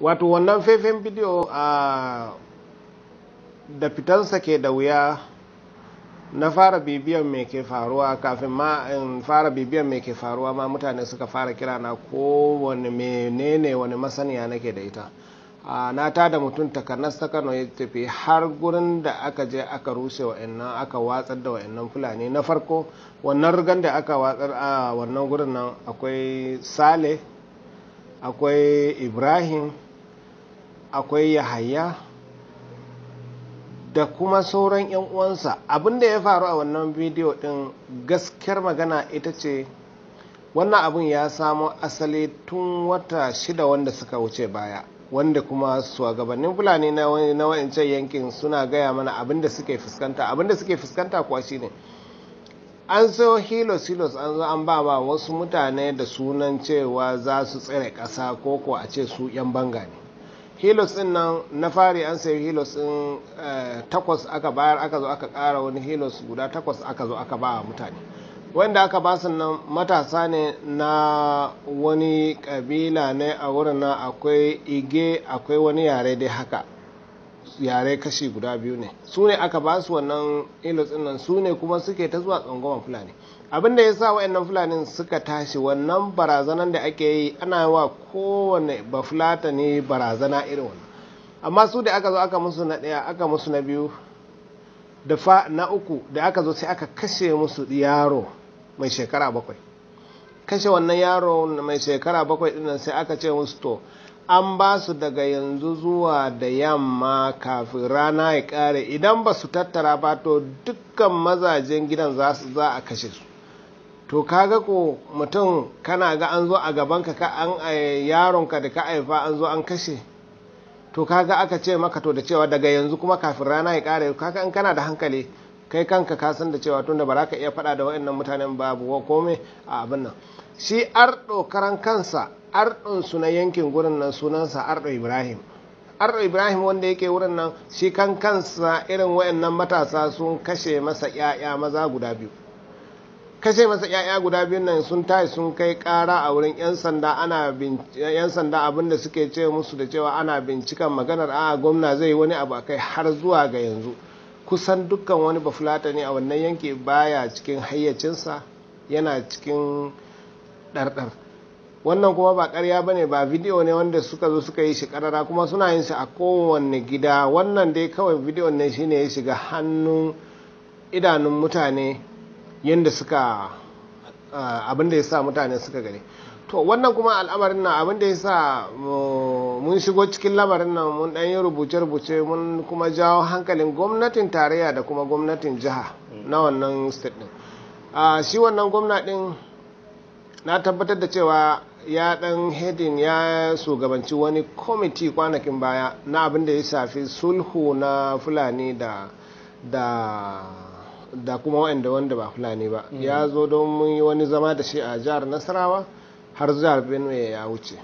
wato wannan faifin bidiyo a da fitansa ke da wuya na fara bibiyan mai ke faruwa kafin ma in fara bibiyan mai ke faruwa ma mutane suka fara kira na kowane menene wani masaniya nake da ita na ta da mutum takarnas ta kano ya tafi har gurin da aka je aka rushe wa'annan aka watsar da wa'annan fulani na farko wannan rugan da aka watsar a wannan gurin nan akwai sale akwai ibrahim akwai yahaya da kuma sauran 'yan uwansa da ya faru a wannan bidiyo din gaskiyar magana ita ce wannan abin ya samo asali tun wata shida wanda suka wuce baya wanda kuma shugabannin fulani na wa'ancan yankin suna gaya mana abinda suke fuskanta abinda suke fuskanta kuwa shine an sayo hilos hilos an zo an ba wasu mutane da sunan cewa za su tsere ƙasa ko ko a ce su 'yan banga ne hilos din nan na fari an sayi hilos din eh, takwas aka bayar aka zo aka kara wani hilos guda takwas aka zo aka ba mutane wanda aka ba su matasa ne na wani kabila ne a wurin na akwai ige akwai wani yare dai haka yare kashi guda biyu ne su ne aka ba su wannan hilos din nan su ne kuma suke ta zuwa tsangwaman fulani abin da ya sa wa'annan fulani suka tashi wannan barazanan da ake yi ana wa kowane bafulata ne barazana irin wannan amma su da aka zo aka musu na ɗaya aka musu na biyu da fa na uku da aka zo sai aka kashe musu yaro mai shekara bakwai kashe wannan yaro mai shekara bakwai ɗin sai aka ce musu to an ba su daga yanzu zuwa da yamma kafin rana ya kare idan ba su tattara ba to dukkan mazajen gidan za a kashe su to kaga ko mutum kana ga an zo a gabanka ka an yaronka da ka haifa an zo an kashe to kaga aka ce maka to da cewa daga yanzu kuma kafin rana ya kare kaga in kana da hankali kai kanka ka san da cewa tunda ba za ka iya faɗa da waɗannan mutanen babu kome a abin nan shi arɗo karan kansa ardon su na yankin gurin nan sunansa arɗo ibrahim arɗo ibrahim wanda yake wurin nan shi kan kansa irin waɗannan matasa sun kashe masa 'ya'ya maza guda biyu kashe masa ‘ya'ya guda biyun nan sun tashi sun kai ƙara a wurin ‘yan sanda abin da suke ce musu da cewa ana bincikan maganar a gwamna zai wani abu a kai har zuwa ga yanzu kusan dukkan wani bafulata ne a wannan yanki baya cikin hayyacinsa yana cikin ɗarɗar wannan kuma ba karya bane ba bidiyo ne wanda suka zo suka yi shi ƙarara kuma suna yin shi a kowanne gida wannan dai kawai bidiyon ne shine ya shiga hannun idanun mutane yadda suka eh, abin ya sa mutane suka gani to wannan kuma al'amarin nan abin ya sa mm, mun shigo cikin lamarin na mun ɗan yi rubuce-rubuce mun kuma jawo hankalin gwamnatin tarayya da kuma gwamnatin jiha na wannan state din shi wannan gwamna din na tabbatar da cewa ya dan hedin ya shugabanci wani kwamiti kwanakin baya na abinda ya shafi sulhu na fulani da da kuma wa'anda wanda ba fulani ba ya zo don mun yi wani zama da shi a jihar nasarawa har jihar benue ya wuce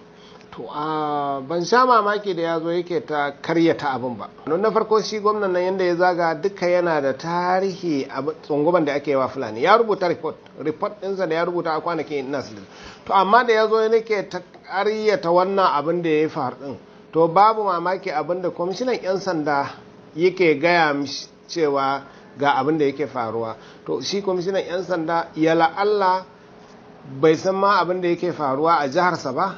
to a ban sha mamaki da ya zo yake ta karyata abin ba don na farko shi gwamnan nan yadda ya zaga duka yana da tarihi a tsungumar da ake wa fulani ya rubuta report report ɗinsa da ya rubuta a kwanakin nasir to amma da ya zo yake ta karyata wannan abin da ya yi faru ɗin to babu mamaki abin da kwamishinan 'yan sanda yake gaya cewa ga abin da yake faruwa to shi kwamishinan 'yan sanda ya la'alla bai san ma abin da yake faruwa a jiharsa ba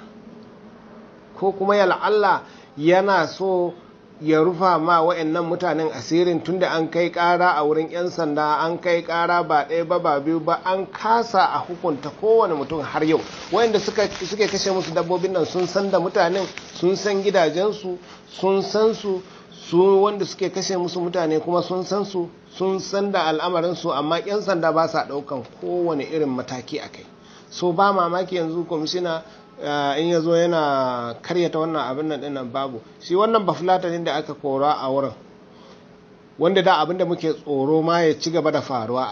ko kuma ya la'alla yana so ya rufa ma wa'annan mutanen asirin tunda an kai kara a wurin 'yan sanda an kai kara ba ɗaya ba ba biyu ba an kasa a hukunta kowane mutum har yau wa'anda suke kashe musu dabbobin nan sun san da mutanen sun san gidajensu sun san su su wanda suke kashe musu mutane kuma sun san su sun san da al'amarin su amma 'yan sanda ba sa daukan kowane irin mataki a kai so ba mamaki yanzu kwamishina eh, in ya zo yana karyata wannan abin nan dinnan babu shi wannan bafulatanin da aka kora a wurin wanda da abin da muke tsoro ma ya ci gaba da faruwa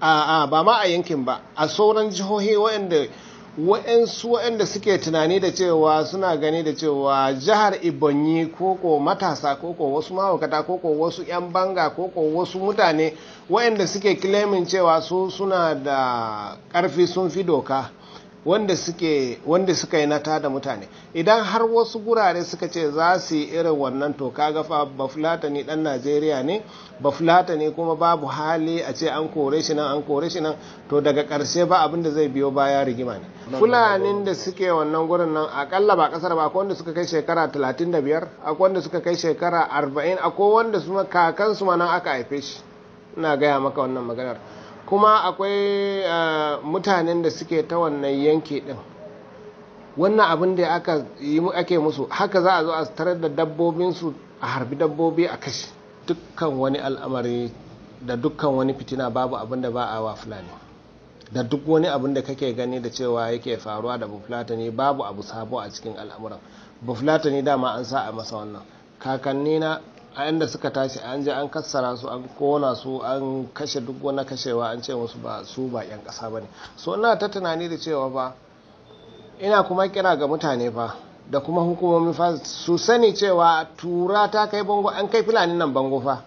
a ba ma a yankin ba a sauran jihohi waɗanda wa'yansu wa'yanda suke tunani da cewa suna gani da cewa jihar ibonyi koko matasa koko wasu mahaukata koko wasu 'yan banga koko wasu mutane wa'yanda suke claiming cewa su suna da ƙarfi sun fi doka wanda suke wanda suka yi na tada mutane idan har wasu gurare suka ce za su yi irin wannan to kaga fa ne dan najeriya ne ba fulata ne kuma babu hali a ce an kore shi nan an kore shi nan to daga karshe ba abin da zai biyo baya rigima ne fulanin da suke wannan gurin nan akalla ba kasar ba akwai wanda suka kai shekara 35 akwai wanda suka kai shekara 40 akwai wanda kakansu ma nan aka haife shi ina gaya maka wannan maganar kuma akwai eh, mutanen da suke ta wannan yanki din wannan abin da aka yi ake musu haka za a zo a tarar da dabbobinsu a harbi dabbobi a kashi dukkan wani al'amari da dukkan wani fitina babu abin da ba a wa fulani da duk wani abin da kake gani da cewa yake faruwa da bufulatani babu abu sabo a cikin al'amuran bufulatani dama an sa a masa wannan kakannina. a yadda suka tashi an je an kassara su an kona su an kashe duk wani kashewa an ce wasu ba su ba 'yan ƙasa ba ne so ina ta tunani da cewa ba ina kuma kira ga mutane ba da kuma hukumomin fa su sani cewa tura ta kai bango an kai fulani nan bango fa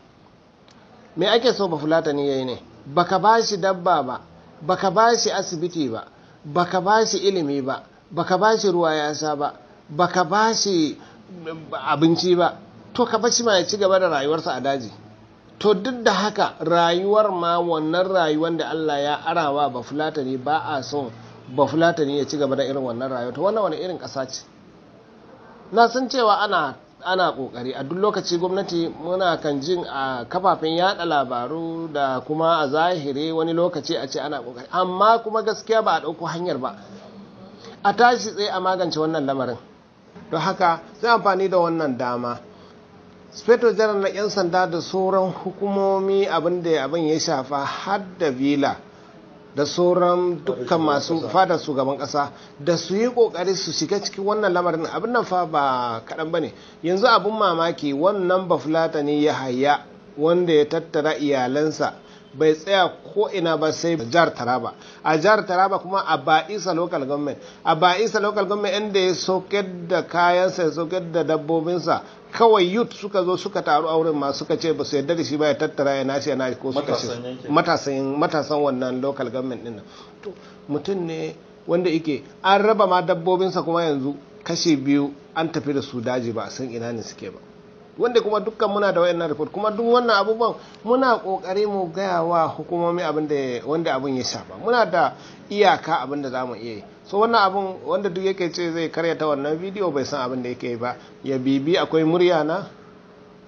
me ake so ba fulatani yayi ne baka ba shi dabba ba baka ba shi asibiti ba baka ba shi ilimi ba baka ba shi ruwa ya sha ba baka ba shi abinci ba to ka fashi ma ya ci gaba da rayuwarsa a daji to duk da haka rayuwar ma wannan rayuwar da Allah ya arawa ba fulatani ba a son ba fulatani ya ci gaba da irin wannan rayuwa to wannan wani irin ƙasa ce na san cewa ana ana kokari a duk lokaci gwamnati muna kan jin a kafafen yada labaru da kuma a zahiri wani lokaci a ce ana kokari amma kuma gaskiya ba a ɗauko hanyar ba a tashi tsaye a magance wannan lamarin don haka sai amfani da wannan dama speto janar na 'yan sanda da sauran hukumomi abin da abin ya shafa har da vila da sauran dukkan masu fada su gaban kasa da su yi kokari su shiga cikin wannan lamarin abin nan fa ba kaɗan ba ne yanzu abin mamaki wannan bafulata ne ya haya wanda ya tattara iyalansa bai tsaya ko ina ba sai a jihar taraba a jihar taraba kuma a ba'isa local government a ba'isa local government inda ya soke da kayansa ya soke da dabbobinsa kawai youth suka zo suka taru a wurin ma suka ce ba su yarda da shi ba ya tattara ya nashi ya nashi ko suka ce matasan matasan wannan local government din to mutum ne wanda yake an raba ma dabbobinsa kuma yanzu kashi biyu an tafi da su daji ba a san ina ne suke ba wanda kuma dukkan muna da wayannan report kuma duk wannan abubuwan muna kokari mu gaya wa hukumomi abin da wanda abin ya shafa muna da iyaka abin da zamu iya yi so wannan abin wanda duk yake ce zai karyata wannan bidiyo bai san abin da yake yi ba ya bibi akwai murya na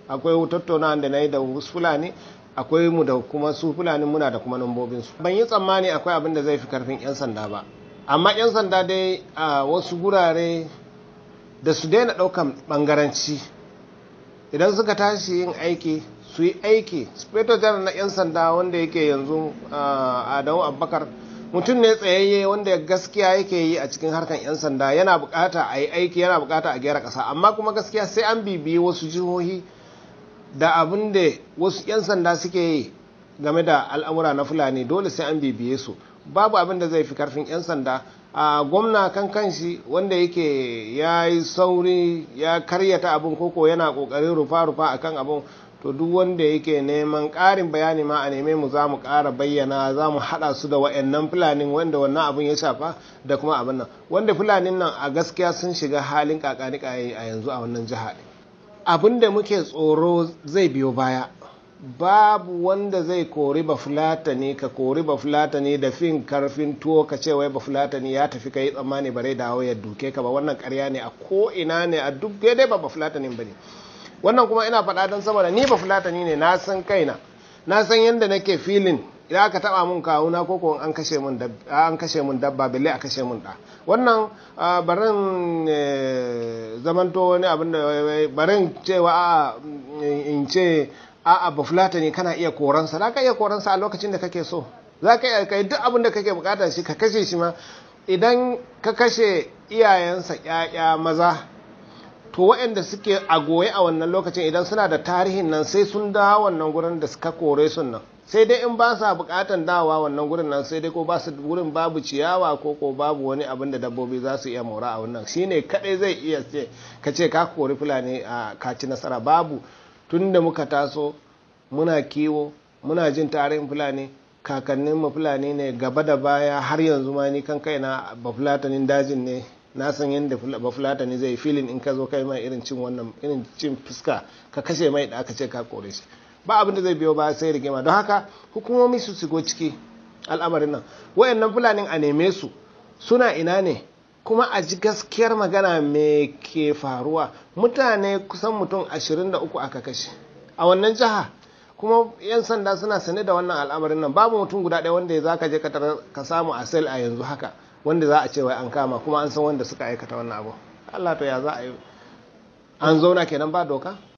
akwai tattauna da na yi da wasu fulani akwai mu da kuma su fulani muna da kuma nambobin su ban yi tsammani akwai abin da zai fi karfin yan sanda ba amma yan sanda dai a wasu gurare da su daina ɗaukan bangaranci idan suka tashi yin aiki su yi aiki spiritual general na 'yan sanda wanda yake yanzu adamu abubakar mutum ne tsayayye wanda gaskiya yake yi a cikin harkan 'yan sanda yana bukata a yi aiki yana bukata a gyara kasa amma kuma gaskiya sai an bibiyi wasu jihohi da abin da wasu 'yan sanda suke yi game da al'amura na fulani dole sai an bibiye su babu abin da zai fi karfin 'yan sanda a gwamna kan kanshi wanda yake ya yi sauri ya karyata abin koko yana kokarin rufa-rufa akan abin to duk wanda yake neman karin bayani ma a neme mu za mu ƙara bayyana za mu haɗa su da wa'annan fulanin wanda wannan abin ya shafa da kuma abin nan wanda fulanin nan a gaskiya sun shiga halin kakani a yanzu a wannan jiha abin da muke tsoro zai biyo baya babu wanda zai kori bafulatani ka kori bafulatani da fin karfin tuwo ka ce wai bafulatani ya tafi ka yi tsammani bare da ya duke ka ba wannan karya ne a ko ne a duk daidai ba bafulatanin ba ne wannan kuma ina faɗa don saboda ni bafulatani ne na san kaina na san yadda nake filin idan aka taba mun kawuna ko ko an kashe mun dabba an a kashe mun da wannan barin e, zamanto wani abin da barin cewa in ce a'a fulata ne kana iya koransa za ka iya koransa a lokacin da kake so za ka iya kai duk abin da kake bukata shi ka kashe shi ma idan ka kashe iyayensa yaya maza to waɗanda suke a goye a wannan lokacin idan suna da tarihin nan sai sun dawo wannan gurin da suka kore sun nan sai dai in ba sa bukatan dawa wannan gurin nan sai dai ko ba su gurin babu ciyawa ko ko babu wani abin da dabbobi za su iya mora a wannan shine kadai zai iya ce ka ce ka kori fulani a kaci nasara babu Tunda muka taso muna kiwo muna jin tarihin fulani kakannin mu fulani ne gaba da baya har yanzu ma ni kan kaina ba fulatanin dajin ne na san yadda ba fulatani zai filin in ka zo kai mai irin cin wannan irin cin fuska ka kashe mai da aka ce ka kore shi ba abin da zai biyo ba sai rigima don haka hukumomi su shigo ciki al'amarin nan wayannan fulanin a neme su suna ina ne kuma a ji gaskiyar magana me ke faruwa mutane kusan mutum 23 aka kashe a wannan jiha kuma 'yan sanda suna sane da wannan al'amarin nan babu mutum guda ɗaya wanda za ka je ka samu a sel a yanzu haka wanda za a ce wai an kama kuma an san wanda suka aikata wannan abu allah to ya za a yi an zauna kenan ba doka